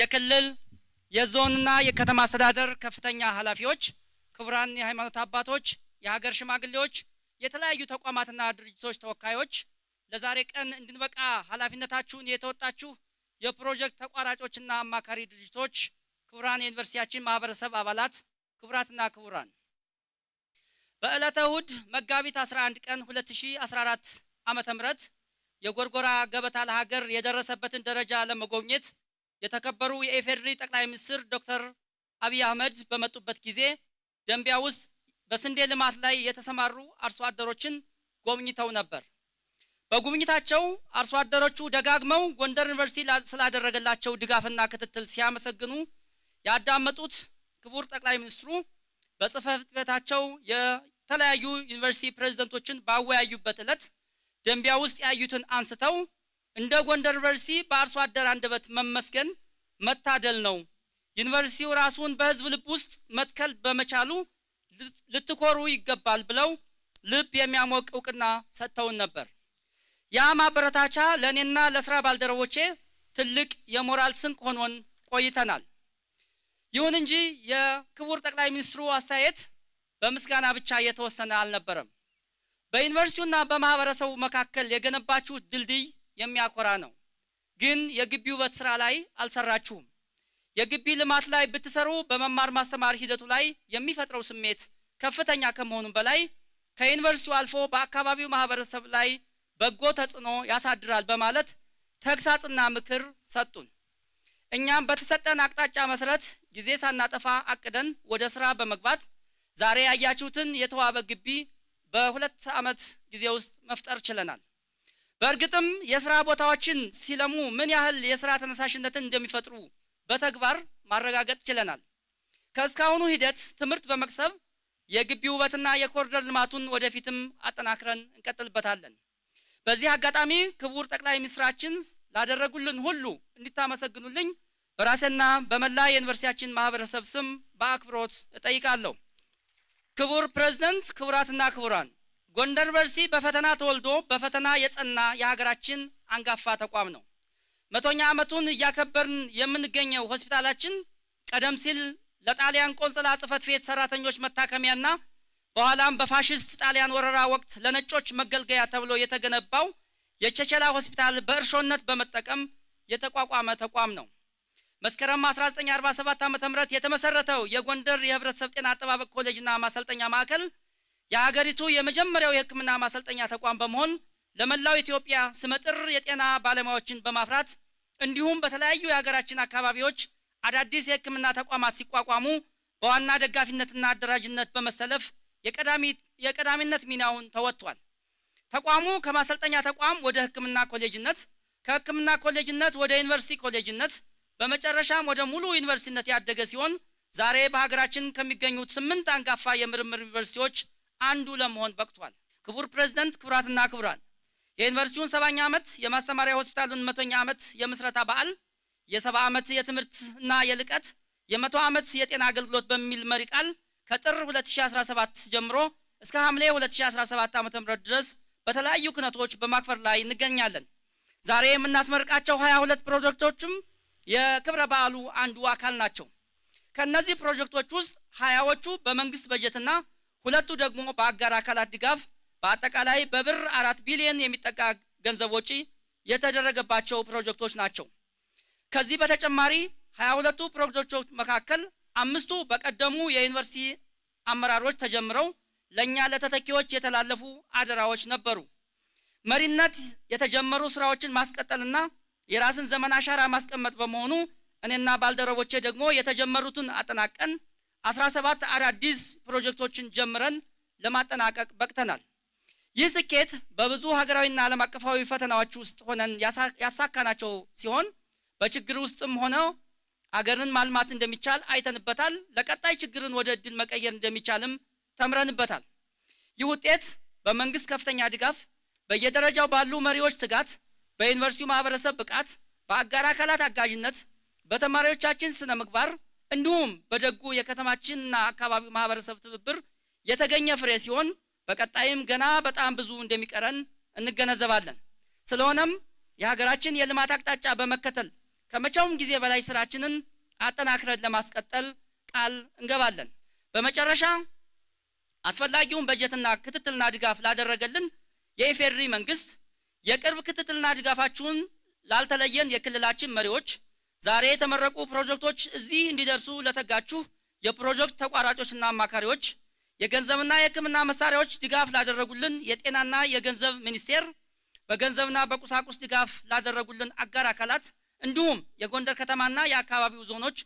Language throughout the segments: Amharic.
የክልል የዞንና የከተማ አስተዳደር ከፍተኛ ኃላፊዎች፣ ክቡራን የሃይማኖት አባቶች፣ የሀገር ሽማግሌዎች፣ የተለያዩ ተቋማትና ድርጅቶች ተወካዮች ለዛሬ ቀን እንድንበቃ ኃላፊነታችሁን የተወጣችሁ የፕሮጀክት ተቋራጮችና አማካሪ ድርጅቶች፣ ክቡራን የዩኒቨርሲቲያችን ማህበረሰብ አባላት፣ ክቡራትና ክቡራን በዕለተ እሁድ መጋቢት 11 ቀን 2014 ዓ.ም የጎርጎራ ገበታ ለሀገር የደረሰበትን ደረጃ ለመጎብኘት የተከበሩ የኢፌዴሪ ጠቅላይ ሚኒስትር ዶክተር አብይ አህመድ በመጡበት ጊዜ ደንቢያ ውስጥ በስንዴ ልማት ላይ የተሰማሩ አርሶ አደሮችን ጎብኝተው ነበር። በጉብኝታቸው አርሶ አደሮቹ ደጋግመው ጎንደር ዩኒቨርሲቲ ስላደረገላቸው ድጋፍና ክትትል ሲያመሰግኑ ያዳመጡት ክቡር ጠቅላይ ሚኒስትሩ በጽህፈት ቤታቸው የተለያዩ ዩኒቨርሲቲ ፕሬዝደንቶችን ባወያዩበት ዕለት ደንቢያ ውስጥ ያዩትን አንስተው እንደ ጎንደር ዩኒቨርሲቲ በአርሶ አደር አንደበት መመስገን መታደል ነው። ዩኒቨርሲቲው ራሱን በህዝብ ልብ ውስጥ መትከል በመቻሉ ልትኮሩ ይገባል ብለው ልብ የሚያሞቅ እውቅና ሰጥተውን ነበር። ያ ማበረታቻ ለእኔና ለስራ ባልደረቦቼ ትልቅ የሞራል ስንቅ ሆኖን ቆይተናል። ይሁን እንጂ የክቡር ጠቅላይ ሚኒስትሩ አስተያየት በምስጋና ብቻ የተወሰነ አልነበረም። በዩኒቨርሲቲውና በማህበረሰቡ መካከል የገነባችሁት ድልድይ የሚያኮራ ነው። ግን የግቢ ውበት ስራ ላይ አልሰራችሁም። የግቢ ልማት ላይ ብትሰሩ በመማር ማስተማር ሂደቱ ላይ የሚፈጥረው ስሜት ከፍተኛ ከመሆኑም በላይ ከዩኒቨርሲቲው አልፎ በአካባቢው ማህበረሰብ ላይ በጎ ተጽዕኖ ያሳድራል በማለት ተግሳጽና ምክር ሰጡን። እኛም በተሰጠን አቅጣጫ መሰረት ጊዜ ሳናጠፋ አቅደን ወደ ስራ በመግባት ዛሬ ያያችሁትን የተዋበ ግቢ በሁለት ዓመት ጊዜ ውስጥ መፍጠር ችለናል። በእርግጥም የስራ ቦታዎችን ሲለሙ ምን ያህል የስራ ተነሳሽነትን እንደሚፈጥሩ በተግባር ማረጋገጥ ችለናል። ከእስካሁኑ ሂደት ትምህርት በመቅሰብ የግቢ ውበትና የኮሪደር ልማቱን ወደፊትም አጠናክረን እንቀጥልበታለን። በዚህ አጋጣሚ ክቡር ጠቅላይ ሚኒስትራችን ላደረጉልን ሁሉ እንዲታመሰግኑልኝ በራሴና በመላ የዩኒቨርሲቲያችን ማህበረሰብ ስም በአክብሮት እጠይቃለሁ። ክቡር ፕሬዝደንት፣ ክቡራትና ክቡራን ጎንደር ዩኒቨርሲቲ በፈተና ተወልዶ በፈተና የጸና የሀገራችን አንጋፋ ተቋም ነው። መቶኛ ዓመቱን እያከበርን የምንገኘው ሆስፒታላችን ቀደም ሲል ለጣሊያን ቆንጽላ ጽህፈት ቤት ሰራተኞች መታከሚያና በኋላም በፋሽስት ጣሊያን ወረራ ወቅት ለነጮች መገልገያ ተብሎ የተገነባው የቸቸላ ሆስፒታል በእርሾነት በመጠቀም የተቋቋመ ተቋም ነው። መስከረም 1947 ዓ.ም የተመሰረተው የጎንደር የህብረተሰብ ጤና አጠባበቅ ኮሌጅና ማሰልጠኛ ማዕከል የሀገሪቱ የመጀመሪያው የሕክምና ማሰልጠኛ ተቋም በመሆን ለመላው ኢትዮጵያ ስመጥር የጤና ባለሙያዎችን በማፍራት እንዲሁም በተለያዩ የሀገራችን አካባቢዎች አዳዲስ የሕክምና ተቋማት ሲቋቋሙ በዋና ደጋፊነትና አደራጅነት በመሰለፍ የቀዳሚነት ሚናውን ተወጥቷል። ተቋሙ ከማሰልጠኛ ተቋም ወደ ሕክምና ኮሌጅነት፣ ከሕክምና ኮሌጅነት ወደ ዩኒቨርሲቲ ኮሌጅነት፣ በመጨረሻም ወደ ሙሉ ዩኒቨርሲቲነት ያደገ ሲሆን ዛሬ በሀገራችን ከሚገኙት ስምንት አንጋፋ የምርምር ዩኒቨርሲቲዎች አንዱ ለመሆን በቅቷል። ክቡር ፕሬዝደንት፣ ክቡራትና ክቡራን የዩኒቨርሲቲውን ሰባኛ ዓመት የማስተማሪያ ሆስፒታሉን መቶኛ ዓመት የምስረታ በዓል የሰባ ዓመት የትምህርትና የልቀት የመቶ ዓመት የጤና አገልግሎት በሚል መሪ ቃል ከጥር 2017 ጀምሮ እስከ ሐምሌ 2017 .ም ድረስ በተለያዩ ክነቶች በማክፈር ላይ እንገኛለን። ዛሬ የምናስመርቃቸው 22 ፕሮጀክቶችም የክብረ በዓሉ አንዱ አካል ናቸው። ከእነዚህ ፕሮጀክቶች ውስጥ ሀያዎቹ በመንግስት በጀትና ሁለቱ ደግሞ በአጋር አካላት ድጋፍ በአጠቃላይ በብር አራት ቢሊዮን የሚጠጋ ገንዘብ ወጪ የተደረገባቸው ፕሮጀክቶች ናቸው። ከዚህ በተጨማሪ ሀያ ሁለቱ ፕሮጀክቶች መካከል አምስቱ በቀደሙ የዩኒቨርሲቲ አመራሮች ተጀምረው ለእኛ ለተተኪዎች የተላለፉ አደራዎች ነበሩ። መሪነት የተጀመሩ ስራዎችን ማስቀጠልና የራስን ዘመን አሻራ ማስቀመጥ በመሆኑ እኔና ባልደረቦቼ ደግሞ የተጀመሩትን አጠናቀን 17 አዳዲስ ፕሮጀክቶችን ጀምረን ለማጠናቀቅ በቅተናል። ይህ ስኬት በብዙ ሀገራዊና ዓለም አቀፋዊ ፈተናዎች ውስጥ ሆነን ያሳካናቸው ሲሆን በችግር ውስጥም ሆነ አገርን ማልማት እንደሚቻል አይተንበታል። ለቀጣይ ችግርን ወደ እድል መቀየር እንደሚቻልም ተምረንበታል። ይህ ውጤት በመንግስት ከፍተኛ ድጋፍ፣ በየደረጃው ባሉ መሪዎች ትጋት፣ በዩኒቨርሲቲው ማህበረሰብ ብቃት፣ በአጋር አካላት አጋዥነት፣ በተማሪዎቻችን ስነ ምግባር እንዲሁም በደጉ የከተማችንና አካባቢው ማህበረሰብ ትብብር የተገኘ ፍሬ ሲሆን በቀጣይም ገና በጣም ብዙ እንደሚቀረን እንገነዘባለን። ስለሆነም የሀገራችን የልማት አቅጣጫ በመከተል ከመቼውም ጊዜ በላይ ስራችንን አጠናክረን ለማስቀጠል ቃል እንገባለን። በመጨረሻ አስፈላጊውን በጀትና ክትትልና ድጋፍ ላደረገልን የኢፌሪ መንግስት የቅርብ ክትትልና ድጋፋችሁን ላልተለየን የክልላችን መሪዎች ዛሬ የተመረቁ ፕሮጀክቶች እዚህ እንዲደርሱ ለተጋችሁ የፕሮጀክት ተቋራጮችና አማካሪዎች፣ የገንዘብና የሕክምና መሳሪያዎች ድጋፍ ላደረጉልን የጤናና የገንዘብ ሚኒስቴር፣ በገንዘብና በቁሳቁስ ድጋፍ ላደረጉልን አጋር አካላት እንዲሁም የጎንደር ከተማና የአካባቢው ዞኖች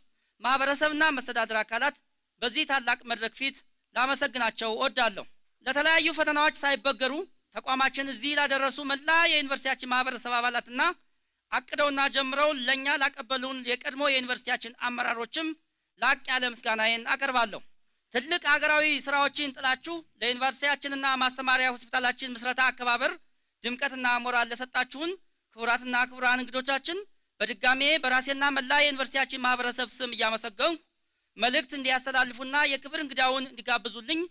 ማህበረሰብና መስተዳድር አካላት በዚህ ታላቅ መድረክ ፊት ላመሰግናቸው እወዳለሁ። ለተለያዩ ፈተናዎች ሳይበገሩ ተቋማችን እዚህ ላደረሱ መላ የዩኒቨርሲቲያችን ማህበረሰብ አባላትና አቅደውና ጀምረው ለእኛ ላቀበሉን የቀድሞ የዩኒቨርሲቲያችን አመራሮችም ላቅ ያለ ምስጋናዬን አቀርባለሁ። ትልቅ ሀገራዊ ስራዎችን ጥላችሁ ለዩኒቨርሲቲያችንና ማስተማሪያ ሆስፒታላችን ምስረታ አከባበር ድምቀትና ሞራል ለሰጣችሁን ክቡራትና ክቡራን እንግዶቻችን በድጋሜ በራሴና መላ የዩኒቨርሲቲያችን ማህበረሰብ ስም እያመሰገንኩ መልእክት እንዲያስተላልፉና የክብር እንግዳውን እንዲጋብዙልኝ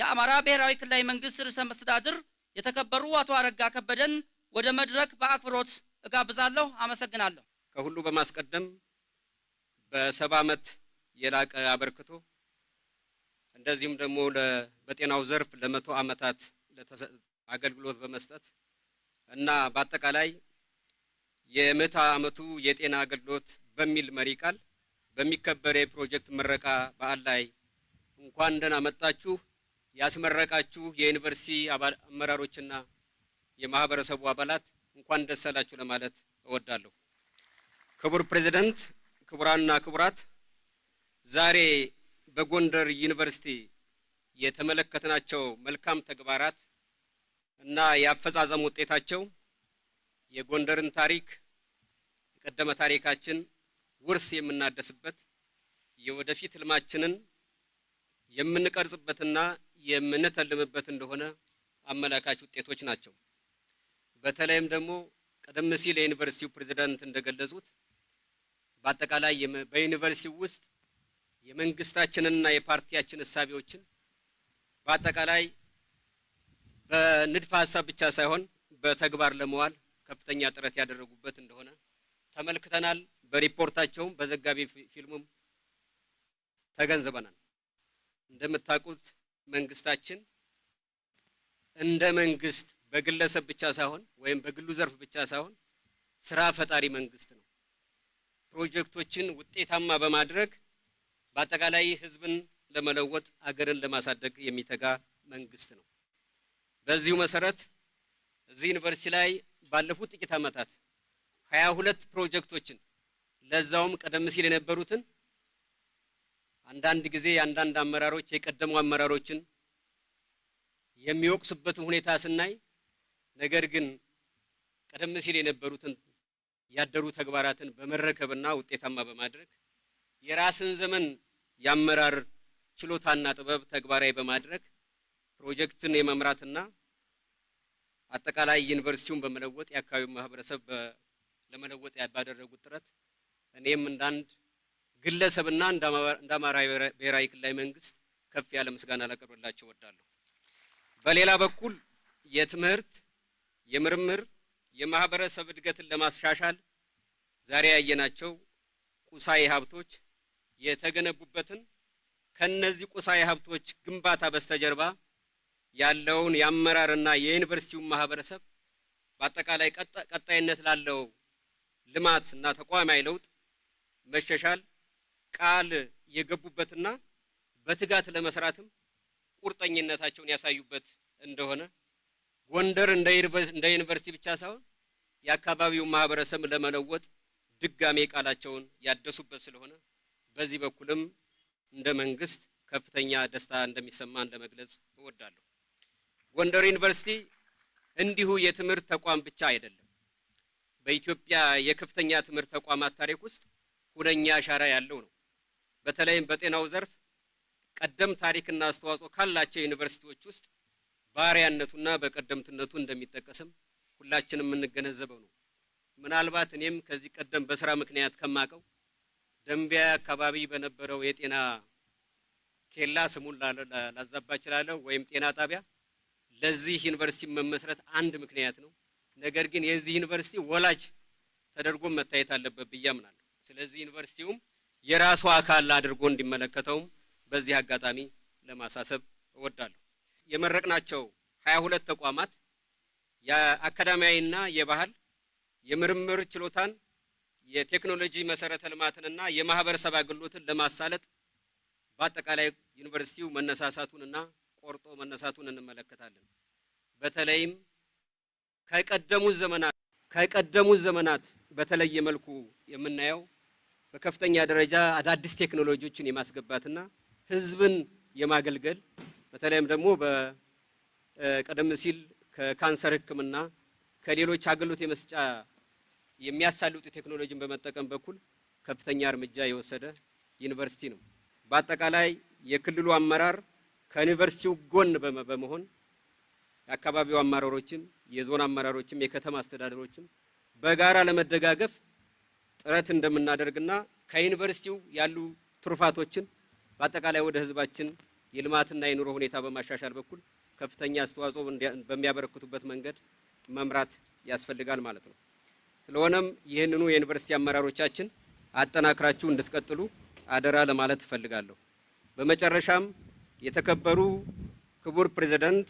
የአማራ ብሔራዊ ክልላዊ መንግስት ርዕሰ መስተዳድር የተከበሩ አቶ አረጋ ከበደን ወደ መድረክ በአክብሮት እጋብዛለሁ። አመሰግናለሁ። ከሁሉ በማስቀደም በሰባ ዓመት የላቀ አበርክቶ እንደዚሁም ደግሞ በጤናው ዘርፍ ለመቶ ዓመታት አገልግሎት በመስጠት እና በአጠቃላይ የምዕተ ዓመቱ የጤና አገልግሎት በሚል መሪ ቃል በሚከበር የፕሮጀክት ምረቃ በዓል ላይ እንኳን ደህና መጣችሁ ያስመረቃችሁ የዩኒቨርሲቲ አመራሮችና የማህበረሰቡ አባላት እንኳን ደስ ለማለት እወዳለሁ። ክቡር ፕሬዚደንት፣ ክቡራንና ክቡራት፣ ዛሬ በጎንደር ዩኒቨርሲቲ የተመለከትናቸው መልካም ተግባራት እና የአፈጻጸም ውጤታቸው የጎንደርን ታሪክ የቀደመ ታሪካችን ውርስ የምናደስበት የወደፊት ህልማችንን የምንቀርጽበትና የምንተልምበት እንደሆነ አመላካች ውጤቶች ናቸው። በተለይም ደግሞ ቀደም ሲል የዩኒቨርሲቲው ፕሬዝዳንት እንደገለጹት በአጠቃላይ በዩኒቨርሲቲው ውስጥ የመንግስታችንና የፓርቲያችን እሳቤዎችን በአጠቃላይ በንድፈ ሀሳብ ብቻ ሳይሆን በተግባር ለመዋል ከፍተኛ ጥረት ያደረጉበት እንደሆነ ተመልክተናል። በሪፖርታቸውም በዘጋቢ ፊልሙም ተገንዝበናል። እንደምታውቁት መንግስታችን እንደ መንግስት በግለሰብ ብቻ ሳይሆን ወይም በግሉ ዘርፍ ብቻ ሳይሆን ስራ ፈጣሪ መንግስት ነው። ፕሮጀክቶችን ውጤታማ በማድረግ በአጠቃላይ ህዝብን ለመለወጥ አገርን ለማሳደግ የሚተጋ መንግስት ነው። በዚሁ መሰረት እዚህ ዩኒቨርሲቲ ላይ ባለፉት ጥቂት ዓመታት ሀያ ሁለት ፕሮጀክቶችን ለዛውም ቀደም ሲል የነበሩትን አንዳንድ ጊዜ አንዳንድ አመራሮች የቀደሙ አመራሮችን የሚወቅስበት ሁኔታ ስናይ ነገር ግን ቀደም ሲል የነበሩትን ያደሩ ተግባራትን በመረከብና ውጤታማ በማድረግ የራስን ዘመን የአመራር ችሎታና ጥበብ ተግባራዊ በማድረግ ፕሮጀክትን የመምራትና አጠቃላይ ዩኒቨርሲቲውን በመለወጥ የአካባቢው ማህበረሰብ ለመለወጥ ባደረጉት ጥረት እኔም እንዳንድ ግለሰብና እንደ አማራ ብሔራዊ ክልላዊ መንግስት ከፍ ያለ ምስጋና ላቀርብላቸው እወዳለሁ። በሌላ በኩል የትምህርት የምርምር የማህበረሰብ እድገትን ለማስሻሻል ዛሬ ያየናቸው ቁሳዊ ሀብቶች የተገነቡበትን ከነዚህ ቁሳዊ ሀብቶች ግንባታ በስተጀርባ ያለውን የአመራርና የዩኒቨርሲቲውን ማህበረሰብ በአጠቃላይ ቀጣይነት ላለው ልማት እና ተቋማዊ ለውጥ መሻሻል ቃል የገቡበትና በትጋት ለመስራትም ቁርጠኝነታቸውን ያሳዩበት እንደሆነ ጎንደር እንደ ዩኒቨርሲቲ ብቻ ሳይሆን የአካባቢው ማህበረሰብ ለመለወጥ ድጋሜ ቃላቸውን ያደሱበት ስለሆነ በዚህ በኩልም እንደ መንግስት ከፍተኛ ደስታ እንደሚሰማን ለመግለጽ እወዳለሁ። ጎንደር ዩኒቨርሲቲ እንዲሁ የትምህርት ተቋም ብቻ አይደለም። በኢትዮጵያ የከፍተኛ ትምህርት ተቋማት ታሪክ ውስጥ ሁነኛ አሻራ ያለው ነው። በተለይም በጤናው ዘርፍ ቀደም ታሪክና አስተዋጽኦ ካላቸው ዩኒቨርሲቲዎች ውስጥ ባሪያነቱና በቀደምትነቱ እንደሚጠቀስም ሁላችንም የምንገነዘበው ነው። ምናልባት እኔም ከዚህ ቀደም በስራ ምክንያት ከማቀው ደንቢያ አካባቢ በነበረው የጤና ኬላ ስሙን ላዛባ እችላለሁ ወይም ጤና ጣቢያ ለዚህ ዩኒቨርሲቲ መመስረት አንድ ምክንያት ነው። ነገር ግን የዚህ ዩኒቨርሲቲ ወላጅ ተደርጎ መታየት አለበት ብዬ አምናለሁ። ስለዚህ ዩኒቨርሲቲውም የራሱ አካል አድርጎ እንዲመለከተውም በዚህ አጋጣሚ ለማሳሰብ እወዳለሁ። የመረቅናቸው ሀያ ሁለት ተቋማት የአካዳሚያዊና የባህል የምርምር ችሎታን የቴክኖሎጂ መሰረተ ልማትንና የማህበረሰብ አገልግሎትን ለማሳለጥ በአጠቃላይ ዩኒቨርሲቲው መነሳሳቱንና ቆርጦ መነሳቱን እንመለከታለን። በተለይም ከቀደሙት ዘመናት ከቀደሙት ዘመናት በተለየ መልኩ የምናየው በከፍተኛ ደረጃ አዳዲስ ቴክኖሎጂዎችን የማስገባትና ህዝብን የማገልገል በተለይም ደግሞ በቀደም ሲል ከካንሰር ሕክምና ከሌሎች አገልግሎት የመስጫ የሚያሳልጡ ቴክኖሎጂን በመጠቀም በኩል ከፍተኛ እርምጃ የወሰደ ዩኒቨርሲቲ ነው። በአጠቃላይ የክልሉ አመራር ከዩኒቨርሲቲው ጎን በመሆን የአካባቢው አመራሮችም፣ የዞን አመራሮችም፣ የከተማ አስተዳደሮችም በጋራ ለመደጋገፍ ጥረት እንደምናደርግና ከዩኒቨርሲቲው ያሉ ትሩፋቶችን በአጠቃላይ ወደ ህዝባችን የልማትና የኑሮ ሁኔታ በማሻሻል በኩል ከፍተኛ አስተዋጽኦ በሚያበረክቱበት መንገድ መምራት ያስፈልጋል ማለት ነው። ስለሆነም ይህንኑ የዩኒቨርሲቲ አመራሮቻችን አጠናክራችሁ እንድትቀጥሉ አደራ ለማለት እፈልጋለሁ። በመጨረሻም የተከበሩ ክቡር ፕሬዝደንት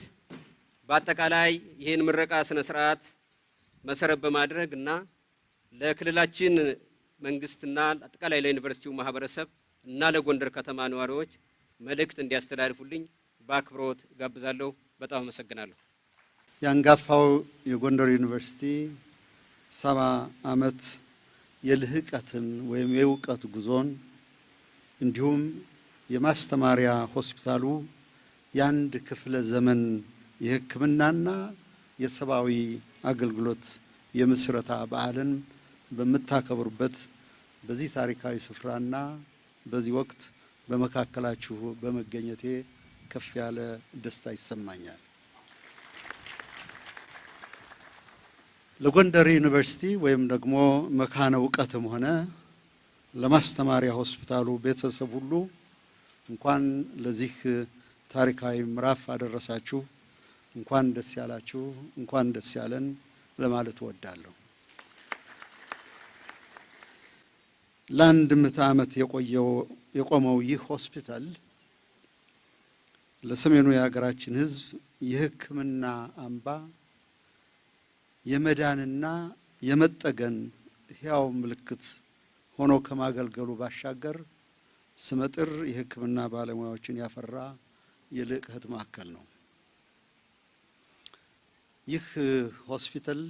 በአጠቃላይ ይህን ምረቃ ስነ ስርዓት መሰረት በማድረግ እና ለክልላችን መንግስትና አጠቃላይ ለዩኒቨርሲቲው ማህበረሰብ እና ለጎንደር ከተማ ነዋሪዎች መልእክት እንዲያስተላልፉልኝ በአክብሮት ጋብዛለሁ። በጣም አመሰግናለሁ። የአንጋፋው የጎንደር ዩኒቨርሲቲ ሰባ ዓመት የልህቀትን ወይም የእውቀት ጉዞን እንዲሁም የማስተማሪያ ሆስፒታሉ የአንድ ክፍለ ዘመን የሕክምናና የሰብአዊ አገልግሎት የምስረታ በዓልን በምታከብሩበት በዚህ ታሪካዊ ስፍራና በዚህ ወቅት በመካከላችሁ በመገኘቴ ከፍ ያለ ደስታ ይሰማኛል። ለጎንደር ዩኒቨርሲቲ ወይም ደግሞ መካነ እውቀትም ሆነ ለማስተማሪያ ሆስፒታሉ ቤተሰብ ሁሉ እንኳን ለዚህ ታሪካዊ ምዕራፍ አደረሳችሁ፣ እንኳን ደስ ያላችሁ፣ እንኳን ደስ ያለን ለማለት እወዳለሁ። ለአንድ ምዕተ ዓመት የቆየው የቆመው ይህ ሆስፒታል ለሰሜኑ የሀገራችን ሕዝብ የሕክምና አምባ የመዳንና የመጠገን ሕያው ምልክት ሆኖ ከማገልገሉ ባሻገር ስመጥር የሕክምና ባለሙያዎችን ያፈራ የልህቀት ማዕከል ነው። ይህ ሆስፒታል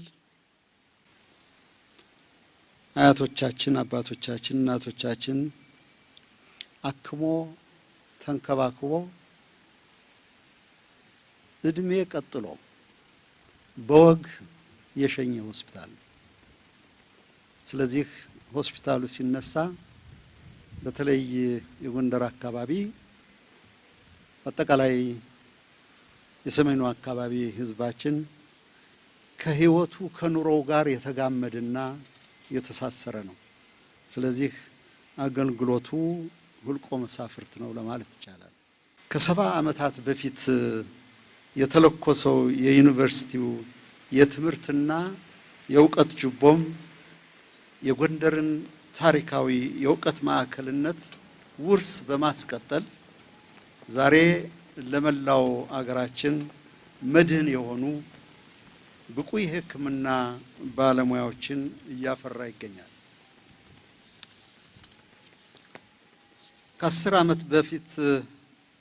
አያቶቻችን፣ አባቶቻችን፣ እናቶቻችን አክሞ ተንከባክቦ እድሜ ቀጥሎ በወግ የሸኘ ሆስፒታል ስለዚህ ሆስፒታሉ ሲነሳ በተለይ የጎንደር አካባቢ አጠቃላይ የሰሜኑ አካባቢ ህዝባችን ከህይወቱ ከኑሮው ጋር የተጋመደና የተሳሰረ ነው። ስለዚህ አገልግሎቱ ሁልቆ መሳፍርት ነው ለማለት ይቻላል። ከሰባ ዓመታት በፊት የተለኮሰው የዩኒቨርሲቲው የትምህርትና የእውቀት ጅቦም የጎንደርን ታሪካዊ የእውቀት ማዕከልነት ውርስ በማስቀጠል ዛሬ ለመላው አገራችን መድህን የሆኑ ብቁ የሕክምና ባለሙያዎችን እያፈራ ይገኛል። ከአስር ዓመት በፊት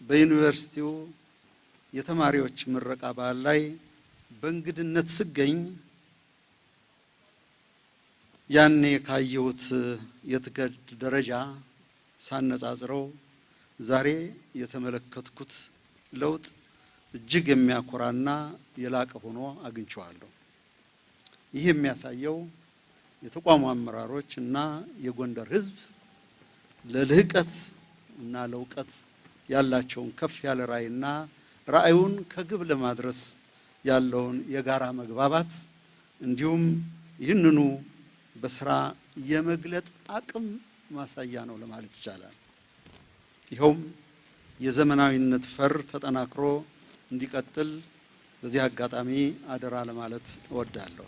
በዩኒቨርሲቲው የተማሪዎች ምረቃ በዓል ላይ በእንግድነት ስገኝ ያኔ ካየሁት የትገድ ደረጃ ሳነጻጽረው ዛሬ የተመለከትኩት ለውጥ እጅግ የሚያኮራና የላቀ ሆኖ አግኝቼዋለሁ። ይህ የሚያሳየው የተቋሙ አመራሮች እና የጎንደር ሕዝብ ለልህቀት እና ለእውቀት ያላቸውን ከፍ ያለ ራዕይና ራዕዩን ከግብ ለማድረስ ያለውን የጋራ መግባባት እንዲሁም ይህንኑ በስራ የመግለጥ አቅም ማሳያ ነው ለማለት ይቻላል። ይኸውም የዘመናዊነት ፈር ተጠናክሮ እንዲቀጥል በዚህ አጋጣሚ አደራ ለማለት እወዳለሁ።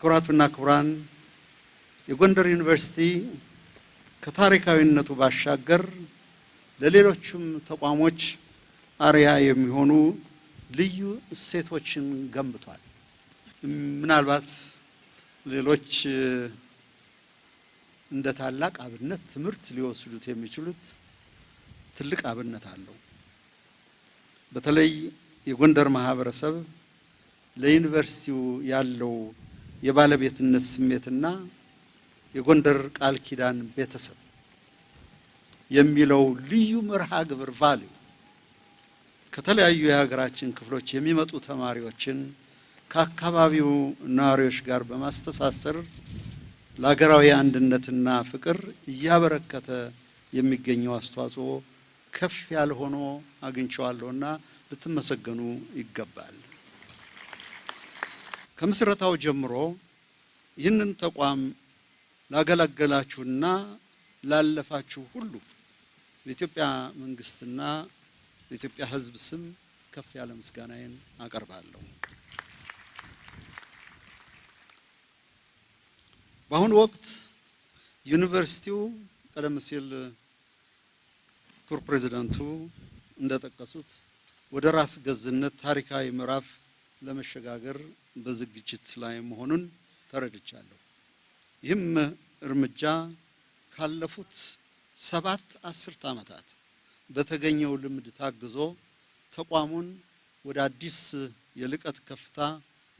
ክቡራትና ክቡራን የጎንደር ዩኒቨርሲቲ ከታሪካዊነቱ ባሻገር ለሌሎችም ተቋሞች አርያ የሚሆኑ ልዩ እሴቶችን ገንብቷል። ምናልባት ሌሎች እንደ ታላቅ አብነት ትምህርት ሊወስዱት የሚችሉት ትልቅ አብነት አለው። በተለይ የጎንደር ማህበረሰብ ለዩኒቨርሲቲው ያለው የባለቤትነት ስሜትና የጎንደር ቃል ኪዳን ቤተሰብ የሚለው ልዩ መርሃ ግብር ቫልዩ ከተለያዩ የሀገራችን ክፍሎች የሚመጡ ተማሪዎችን ከአካባቢው ነዋሪዎች ጋር በማስተሳሰር ለሀገራዊ አንድነትና ፍቅር እያበረከተ የሚገኘው አስተዋጽኦ ከፍ ያለ ሆኖ አግኝቼዋለሁና ልትመሰገኑ ይገባል። ከምስረታው ጀምሮ ይህንን ተቋም ላገለገላችሁና ላለፋችሁ ሁሉ በኢትዮጵያ መንግስትና በኢትዮጵያ ሕዝብ ስም ከፍ ያለ ምስጋናዬን አቀርባለሁ። በአሁኑ ወቅት ዩኒቨርሲቲው ቀደም ሲል ክቡር ፕሬዚዳንቱ እንደጠቀሱት ወደ ራስ ገዝነት ታሪካዊ ምዕራፍ ለመሸጋገር በዝግጅት ላይ መሆኑን ተረድቻለሁ። ይህም እርምጃ ካለፉት ሰባት አስርት ዓመታት በተገኘው ልምድ ታግዞ ተቋሙን ወደ አዲስ የልቀት ከፍታ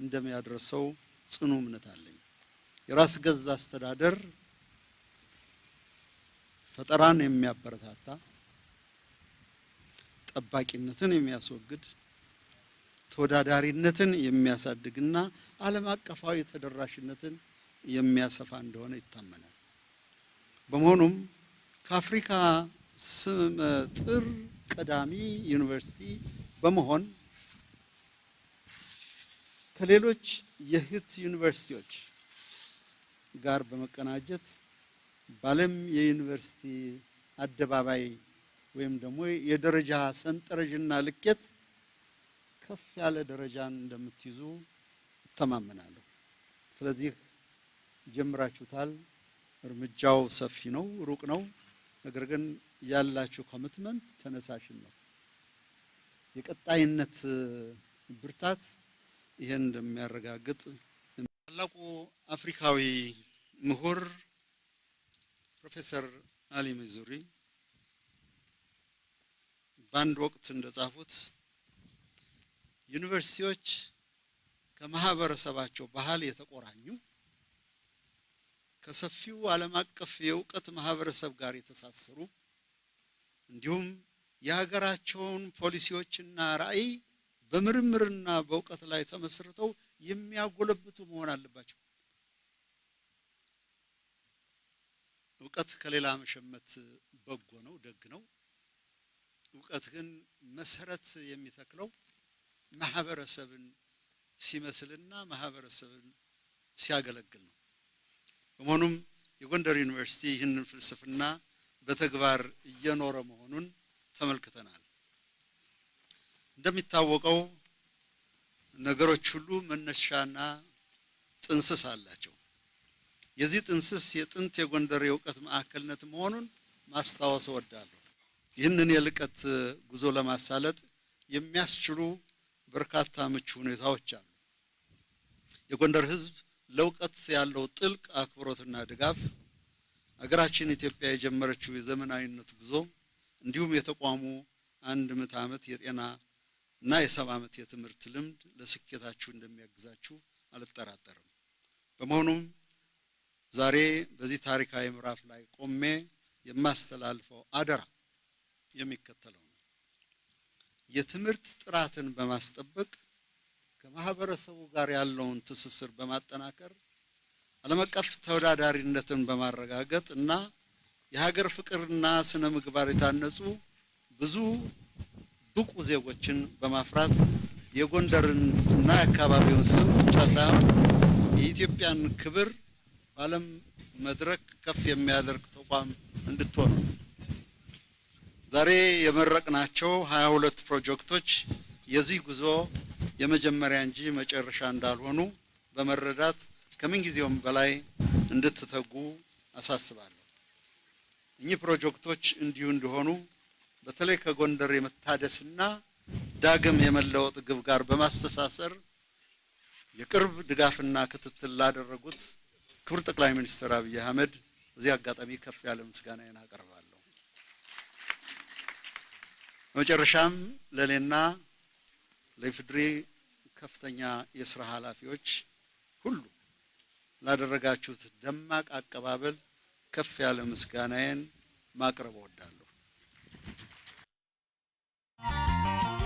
እንደሚያደርሰው ጽኑ እምነት አለኝ። የራስ ገዝ አስተዳደር ፈጠራን የሚያበረታታ፣ ጠባቂነትን የሚያስወግድ፣ ተወዳዳሪነትን የሚያሳድግና ዓለም አቀፋዊ ተደራሽነትን የሚያሰፋ እንደሆነ ይታመናል። በመሆኑም ከአፍሪካ ስመጥር ቀዳሚ ዩኒቨርሲቲ በመሆን ከሌሎች የእህት ዩኒቨርሲቲዎች ጋር በመቀናጀት በዓለም የዩኒቨርሲቲ አደባባይ ወይም ደግሞ የደረጃ ሰንጠረዥና ልኬት ከፍ ያለ ደረጃን እንደምትይዙ እተማመናለሁ። ስለዚህ ጀምራችሁታል። እርምጃው ሰፊ ነው፣ ሩቅ ነው። ነገር ግን ያላችሁ ኮሚትመንት፣ ተነሳሽነት፣ የቀጣይነት ብርታት ይሄን እንደሚያረጋግጥ ታላቁ አፍሪካዊ ምሁር ፕሮፌሰር አሊ ሚዙሪ በአንድ ወቅት እንደጻፉት ዩኒቨርሲቲዎች ከማህበረሰባቸው ባህል የተቆራኙ ከሰፊው ዓለም አቀፍ የእውቀት ማህበረሰብ ጋር የተሳሰሩ እንዲሁም የሀገራቸውን ፖሊሲዎችና ራዕይ በምርምርና በእውቀት ላይ ተመስርተው የሚያጎለብቱ መሆን አለባቸው። እውቀት ከሌላ መሸመት በጎ ነው፣ ደግ ነው። እውቀት ግን መሰረት የሚተክለው ማህበረሰብን ሲመስልና ማህበረሰብን ሲያገለግል ነው። በመሆኑም የጎንደር ዩኒቨርሲቲ ይህንን ፍልስፍና በተግባር እየኖረ መሆኑን ተመልክተናል። እንደሚታወቀው ነገሮች ሁሉ መነሻና ጥንስስ አላቸው። የዚህ ጥንስስ የጥንት የጎንደር የእውቀት ማዕከልነት መሆኑን ማስታወስ እወዳለሁ። ይህንን የልቀት ጉዞ ለማሳለጥ የሚያስችሉ በርካታ ምቹ ሁኔታዎች አሉ። የጎንደር ሕዝብ ለእውቀት ያለው ጥልቅ አክብሮትና ድጋፍ አገራችን ኢትዮጵያ የጀመረችው የዘመናዊነት ጉዞ እንዲሁም የተቋሙ አንድ ምዕተ ዓመት የጤና እና የሰባ ዓመት የትምህርት ልምድ ለስኬታችሁ እንደሚያግዛችሁ አልጠራጠርም። በመሆኑም ዛሬ በዚህ ታሪካዊ ምዕራፍ ላይ ቆሜ የማስተላልፈው አደራ የሚከተለው ነው። የትምህርት ጥራትን በማስጠበቅ ከማህበረሰቡ ጋር ያለውን ትስስር በማጠናከር ዓለም አቀፍ ተወዳዳሪነትን በማረጋገጥ እና የሀገር ፍቅርና ስነ ምግባር የታነጹ ብዙ ብቁ ዜጎችን በማፍራት የጎንደርን እና የአካባቢውን ስም ብቻ ሳይሆን የኢትዮጵያን ክብር በዓለም መድረክ ከፍ የሚያደርግ ተቋም እንድትሆኑ ዛሬ የመረቅናቸው 22 ፕሮጀክቶች የዚህ ጉዞ የመጀመሪያ እንጂ መጨረሻ እንዳልሆኑ በመረዳት ከምንጊዜውም በላይ እንድትተጉ አሳስባለሁ። እኚህ ፕሮጀክቶች እንዲሁ እንደሆኑ በተለይ ከጎንደር የመታደስና ዳግም የመለወጥ ግብ ጋር በማስተሳሰር የቅርብ ድጋፍና ክትትል ላደረጉት ክቡር ጠቅላይ ሚኒስትር አብይ አህመድ በዚህ አጋጣሚ ከፍ ያለ ምስጋናዬን አቀርባለሁ። በመጨረሻም ለእኔና ለኢፌዴሪ ከፍተኛ የስራ ኃላፊዎች ሁሉ ላደረጋችሁት ደማቅ አቀባበል ከፍ ያለ ምስጋናዬን ማቅረብ እወዳለሁ።